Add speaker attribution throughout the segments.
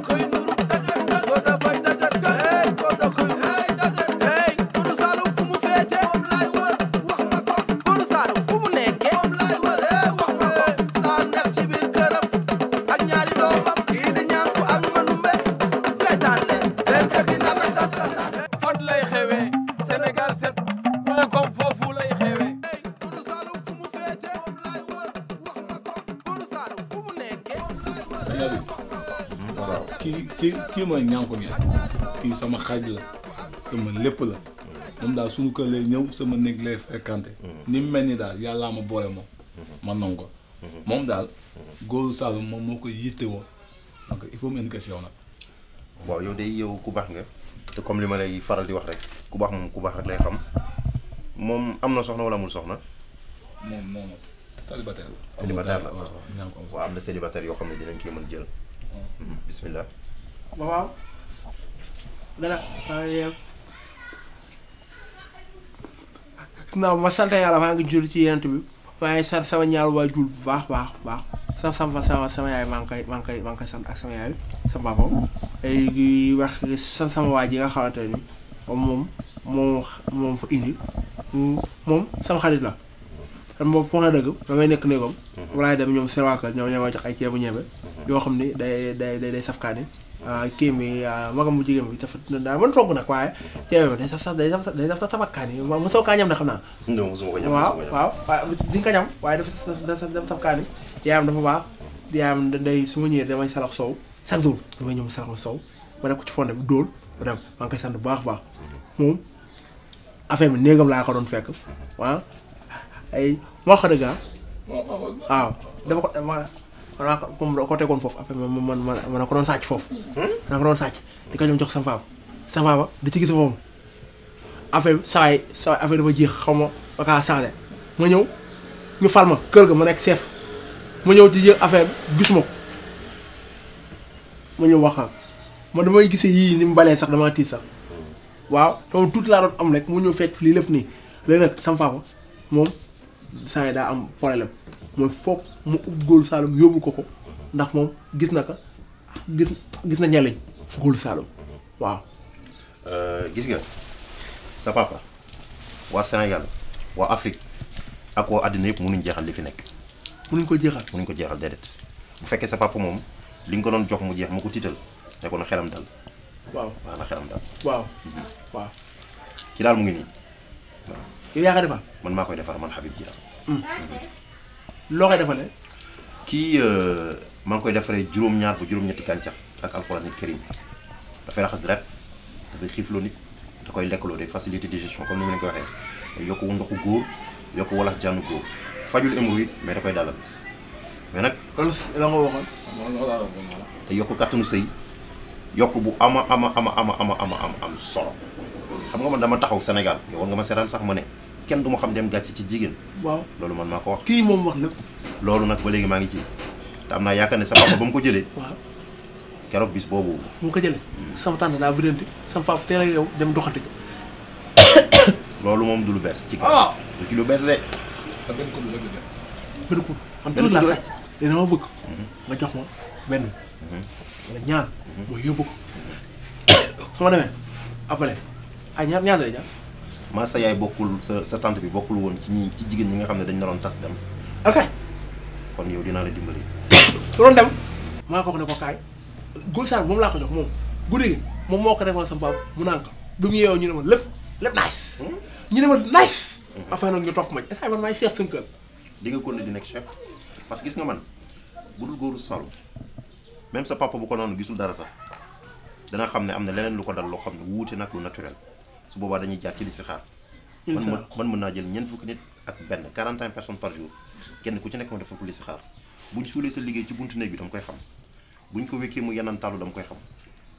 Speaker 1: koy kii kii mooy ñànku bi kii sama xaaj la sama lépp la moom daal suñu kër lay ñëw sama néeg lay fekkante mhm. ni mu mel ni daal yàllaa ma boole moom mhm. ma nangu ko mhm. moom daal góoru Saloum moom moo ko yitte woon donc il faut mu indi
Speaker 2: question nag waaw yow yow ku baax nga te comme li ma lay faral di wax rek ku baax moom ku baax rek lay xam moom am na soxna wala amul soxna
Speaker 1: moom moom célibataire la célibataire
Speaker 2: la waaw am na célibataire yoo xam ne dinañ koy man jël bismillah
Speaker 1: waaw dara naaw ma sant yàlla maa ngi jul ci yent bi maa ngi sant sama ñaar waa jul bu baax baax baax sa sama sama sama yaay maa ngi koy maa ngi koy maa sant ak sama yaay sama papa di wax sant nga xamante ni moom moom moom fa indi moom sama xarit la xam nga foo xam ne dëgg damay nekk néegam. Mhm. walaay dem ñoom seen waa ñoom ñoo ma ay ceebu ñebe. Mhm. yoo xam ni day day day safkaani kii mi magam bu jigéen bi dafa daa mën togg nag waaye teewee ma day saf day saf day saf tabakaan yi waaw mosoo kaa ñam na xam naa. non mosuma ko ñam waaw waaw di nga ko ñam waaye dafa dafa dafa saf kaan yi yaayam dafa baax yaayam day su ma ñëwee damay salax soow chaque jour damay ñëw salax ma soow ma def ko ci fonde bi dóol ma dem maa ngi koy bu baax baax moom affaire bi néegam laa ko doon fekk ah ay waaw dama ko xanaa comme doo ko tegoon foofu après man man man ko doon sàcc foofu. Hmm? a ko doon sàcc di ko ñoom jox sa faaba di ci gis foofu affaire saa affaire dafa jeex xaw ma ba kaa changé ma ñëw ñu fal ma kër ga ma nekk chef ma ñëw ci yëg affaire bi gisuma ko ma ñëw wax man damay gisee yii ni mu balee sax damaa tiit sax waaw donc tuuti laa doon am rek mu ñëw fekk fii lépp nii léegi nag sama moom saa daa am problème. mooy foog mu uf góolu Saalum yóbbu ko ko ndax moom gis na ka gis gis na ñaleñ fu góolu Saalum
Speaker 2: waaw. Euh, gis nga sa papa waa Sénégal waa Afrique ak waa àddina yëpp mënuñ jeexal li fi nekk. mënuñ ko jeexal mënuñ ko jeexal déedéet bu fekkee sa papa moom li nga ko doon jox mu jeex mu ko tiital ne ko na xelam dal. waaw waaw na xelam dal.
Speaker 1: waaw mhm. waaw.
Speaker 2: ci daal mu ngi nii waaw. yaa ko defar. man maa koy defar man Habib Dia.
Speaker 1: Mm. Mhm. loo koy defalee.
Speaker 2: kii euh, maa ngi koy defaree juróom-ñaar ba juróom-ñetti gàncax ak alxuraan ni karim dafay raxas deret dafay xiifloo nit da koy lekkaloo de facilité digestion comme ni ma ne ko waxee day yokk ndoxu góor yokk walax jànnu góor fajul hémorroïde mais da koy dalal mais nag. loolu la nga te yokk kàttanu sëy yokk bu ama ama ama ama am solo xam nga man dama taxaw Sénégal yow war nga ma seetaan sax ma ne. kenn du ma xam dem gàcc ci jigéen. waaw loolu man maa ko wax. kii moom wax na loolu nag ba léegi maa ngi ci te am naa yaakaar ne sa papa ba mu ko jëlee. waaw keroog bis boobu. mu ko jëlee. sama tante daa bëriante
Speaker 1: sama papa yow dem doxante
Speaker 2: loolu moom du lu bees. ci kaw ah! du ci lu bees de. te benn kudd rek
Speaker 1: la man tuuti laa laaj. dina ma bëgg. Mhm. nga jox ma benn. Mhm. wala ñaar. mooy mhm. yóbbu ko. ma demee après ay ñaar ñaar lay ñaar.
Speaker 2: maa sa yaay bokkul sa sa bi bokkul woon ci nii ci jigéen ñi nga xam ne dañ naroon tas dem. ok kon yow dinaa la dimbali.
Speaker 1: doon dem maa ko ne ko kaay góor saa moom laa ko jox moom guddi moom moo ko defal sa baab mu naan ko bi mu ñu ne lépp lépp hmm? ñu ne ma nice. Hmm. affaire nag ñu
Speaker 2: topp ma est-ce di nga continuer di nekk chef parce que gis nga man bu dul góoru Saloum même sa papa bu ko noonu gisul dara sax dana xam ne am na leneen lu ko dal loo xam ne wuute nag lu naturel. su boobaa dañuy jaar ci listixaar man man mën naa jël ñeent fukki nit ak benn 41 personnes par jour kenn ku ci nekk ma defal ko listixaar buñ suulee sa liggéey ci buntu néeg bi dama koy xam buñ ko wékkee mu yanantaalu dama koy xam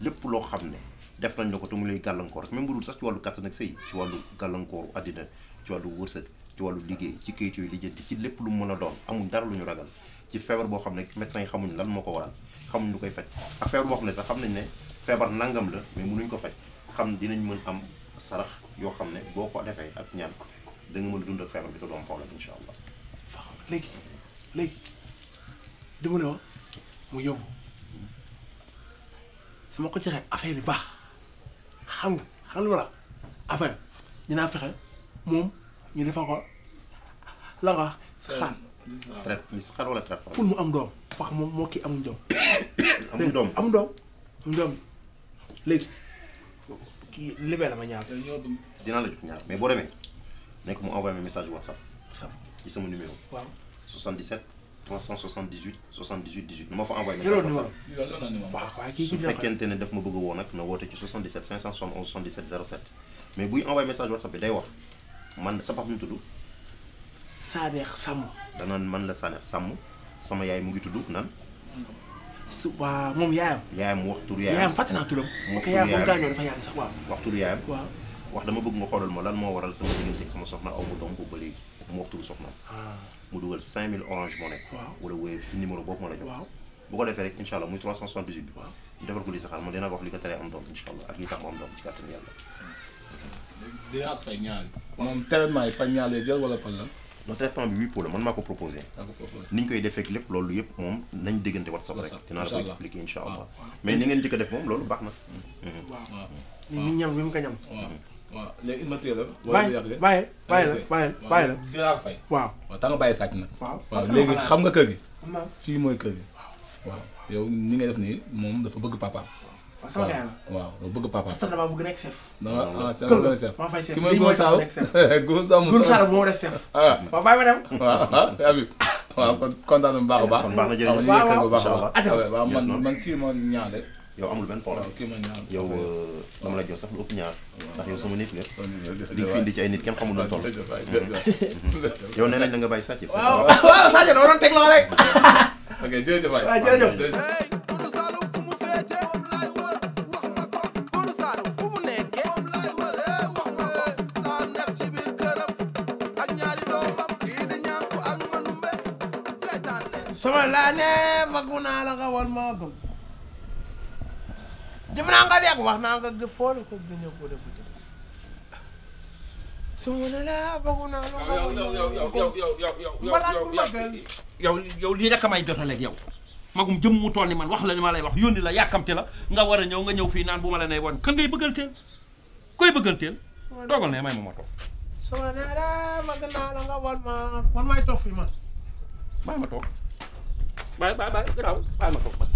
Speaker 2: lépp loo xam ne def nañ la ko te mu lay gàllankoor même bu dul sax ci wàllu kàttan ak sëy ci wàllu gàllankooru àddina ci wàllu wërsëg ci wàllu liggéey ci kayit yooyu lijjanti ci lépp lu mën a doon amuñ dara lu ñu ragal ci feebar boo xam ne médecin yi xamuñ lan moo ko waral xamuñ lu koy faj ak feebar boo xam ne sax xam nañ ne feebar nangam la mais mënuñ ko faj am sarax yoo xam ne boo ko defee ak ñaan ko da mën a dund ak feebar bi te doom problème incha allah.
Speaker 1: léegi léegi mu yóbbu su ko joxee affaire yi baax xam nga xam nga la affaire dinaa fexe moom ñu defa ko la
Speaker 2: nga xaar. traite pour mu am
Speaker 1: doom. wax moom moo kii amuñ doom.
Speaker 2: amuñ amuñ doom amuñ doom léegi.
Speaker 1: kii libéré ma ñaar.
Speaker 2: dinaa la jox ñaar mais boo demee nekk mu envoyé ma message WhatsApp. ci sama numéro. waaw 77 378 78 18 nu ma fa envoyé. message
Speaker 1: WhatsApp su fekkente
Speaker 2: ne daf ma bëgg a woo nag na woote ci 77 571 77 07 mais buy envoyé message WhatsApp bi day wax man sa papa mu tudd. Sanex Samb. danaan man la Sanex Samb sama yaay mu ngi tudd nan. su waaw moom yaayam. yaayam wax turu yaayam yaayam fàtte naa turam. wax turu yaayam gaañoo dafa yàgg sax waaw. wax turu yaayam waaw. wax dama bëgg nga xoolal ma lan moo waral sama diggante ak sama soxna aw ma doom boobu ba léegi mu wax turu soxnaam. Ah. mu dugal 5000 orange money. waaw wala wéy ci numéro boobu ma la jox. waaw bu ko defee rek incha allah muy 378 bi. waaw ñu defal ko li saxaar man dinaa ko wax li ko teree am doom incha allah ak ñi tax mu am doom ci kàttan yàlla.
Speaker 1: dinaa fay ñaari.
Speaker 2: moom traitement yi fay ñaari jël wala fan la. non traitement bi oui pour man maa ko proposé. ni ñu koy defee ak loolu yëpp moom nañ déggante whatsapp rek. dinaa la ko expliqué incha allah mais ni ngeen jëkk a def moom loolu baax na. waaw waaw
Speaker 1: ni ni ñam bi mu ko ñam. waaw léegi immatrié la. bàyyi bàyyi bàyyi la bàyyi bàyyi la. dinaa fay. waaw waaw tax nga bàyyi sàcc nag. waaw waaw léegi xam nga kër gi. fii mooy kër gi. waaw yow ni ngay def nii moom dafa bëgg papaam. Ah, waaw sama gars la waaw bëgg papa. parce que damaa bëgg nekk chef. ah c' est vrai chef ma fay chef lii mooy sama nekk chef bu ma def chef. ma ah. bàyyi ma dem. waaw ah, Habib waaw kon kontaan nañu baax a baax. kon baax na jërëjëf waaw waaw waaw man man kii ma ñaan rek.
Speaker 2: yow amul benn problème kii ma ñaan yow euh, dama la jox sax lu ëpp ñaar ndax yow sama nit nga di fi indi ci ay nit kenn xamul lu toll yow nee nañ da nga bàyyi sàcc waaw waaw Sadio dama doon teg loxo rek ok jërëjëf waay jërëjëf
Speaker 1: sama laanee mag wax naa nga gëf su ma ne laa bëgg naa la nga war maa gëm lii rek may jotaleeg yow magum jëm mu toll ni man wax la ni ma lay wax la yàkkamti la nga war a ñëw nga ñëw fii naan bu ma la nee woon kan ngay bëggal koy bëggal ma ma toog laa nga war maa toog fii man may ma toog bàyyi bàyyi bàyyi
Speaker 2: gannaaw bàyyi ma ko baax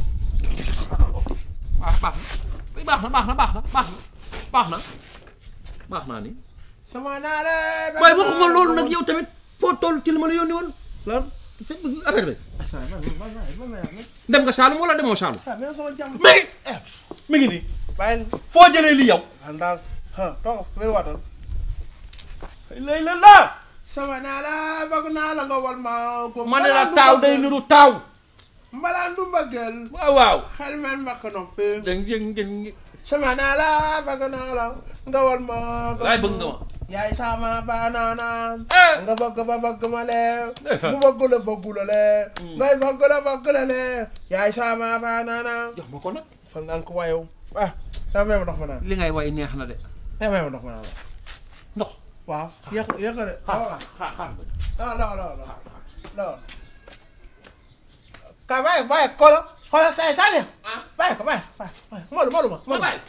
Speaker 1: baax na baax na baax na baax na baax na baax naa ni. sama naa la. waaye waxuma loolu nag yow tamit foo toll ci li ma la yónni woon lan affaire bi. dem nga Saalum wala demoo Saalum. mi ngi mi ngi nii. bàyyi foo jëlee lii yow. ah toog wér waatal. lay la la. sama naa la bëgg naa la nga wal ma. ma ne la taaw day niru taaw. mbalaan du mbëggeel waaw waaw xel mel mbakk noppi jëng jëng jëng sama naa la bëgg naa la nga war ma laay bëgg ma yaay sama banaana eh! nga bëgg ba bëgg ma lee eh! mu bëgg la bëgg la lee hmm. ngay bëgg la bëgg la lee yaay sama banaana jox ma ko ah daa may ma ndox ma naan li ngay way neex na de daa may ma ndox ma naan ndox waaw yëg yëg de xaar xaar xaar xaar xaar xaar ka bàyyi bàyyi kolo kolo say sani bàyyi ko bàyyi Modou Modou ma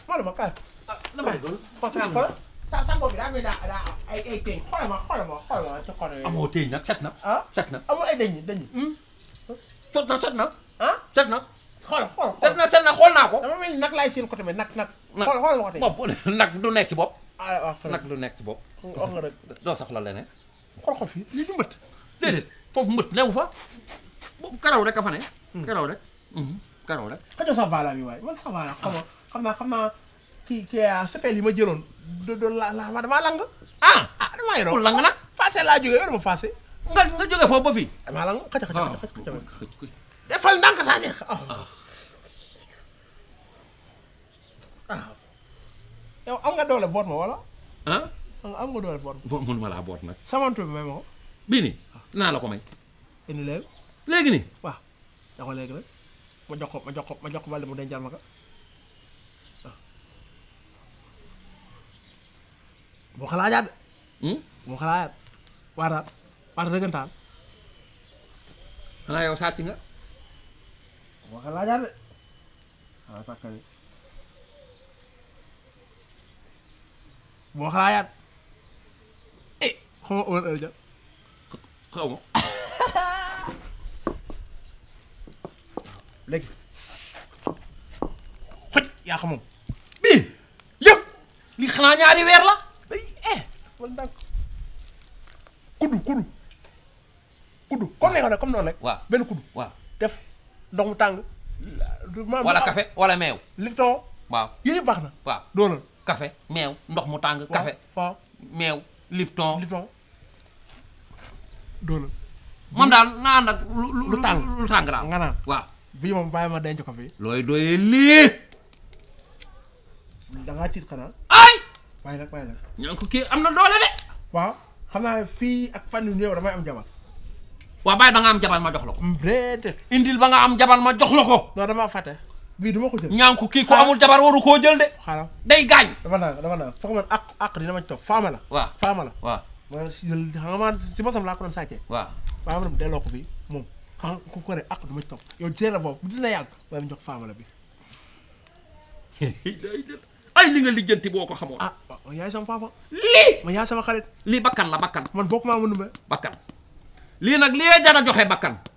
Speaker 1: Modou ma ka kolo sa sango bi daa mel daa ay ay téñ xoolal ma xoolal ma xoolal ma ci kolo nag set na set na amoo ay dañ dañ set na set na set na xoolal na set na xool naa ko dama mel ni nag laay seen côté nag nag xoolal xoolal ko bopp
Speaker 2: nag du nekk ci bopp ah, nag du nekk ci bopp wax nga rek doo soxla leneen
Speaker 1: xool fii lii du mbët déedéet foofu mbët newu fa boobu karaw rek a fa ne. Hmm. karaw rek. Hmm. karaw rek. ka jox sax baala mi waaye man sax baala xam nga xam naa xam naa kii kii sefeel ah, yi ma jëloon do do la la damaa lang. ah ah damaa yoroo lang nag. passé laa jógee yoroo ma passé. nga nga jógee foofu ba fii. damaa lang xëcc xëcc ah, xëcc xëcc. defal ndànk saa neex ah. ah yow am nga doole boot ma wala. ah am nga doole boot
Speaker 2: ma. mënuma laa boot nag.
Speaker 1: samantu bi may ma ko. bii nii naa la ko may. indi leen. léegi nii waaw jox ma léegi rek ma jox ko ma jox ko ma jox ko wàllu mu dencal ma ko boo ko laajaat de. Hmm? boo ko laajaat waata waata dëggantaan. xanaa yow sàcc nga. boo ko laajaat de waaw takkali boo ko laajaat eh xaw ma woon heure xaw ma. léegi xoj yaa xam moom bii yëf li xanaa ñaari weer la eh wala ndànk kuddu ne nga comme noonu rek. waaw benn kuddu. waaw def ndox mu tàng. wala kafe wala meew. lifton. waaw yéen baax na. waaw doonal meew ndox mu tàng. café waaw meew lifton lifton doonal. moom daal naa ànd lu lu tàng lu tàng daal bii moom bàyyi ma denc ko fi.
Speaker 2: looy doyee lii.
Speaker 1: da ngaa tiit xanaa. ay. bàyyi nag bàyyi nag. kii am na doole de. waaw xam fii ak fan yu néew damay am jabar. waaw bàyyi ba nga ma jox la ko. Mm, déedéet. indil ba nga am jabar ma jox la ko. non damaa fàtte. bii du ko jël. ñaa ko kii amul jabar waru koo jël de. xaaral day gaañ. dama naan dama naan foog man àq dina ma ci toog faama la. waaw faama la. ma jël laa ko doon sàccee. waaw maa ngi delloo ko fi moom. xam ah, ku ko ak ah, du ma ci topp yow jël la boobu dina yàgg waaye mu jox faamala bi. ay li nga lijjanti boo ko xamoon. ah waaw yaay sama papa. lii man yaay sama xarit. lii bakkan la bakkan. man bokk maa mu numbe. bakkan lii nag lii a joxe bakkan.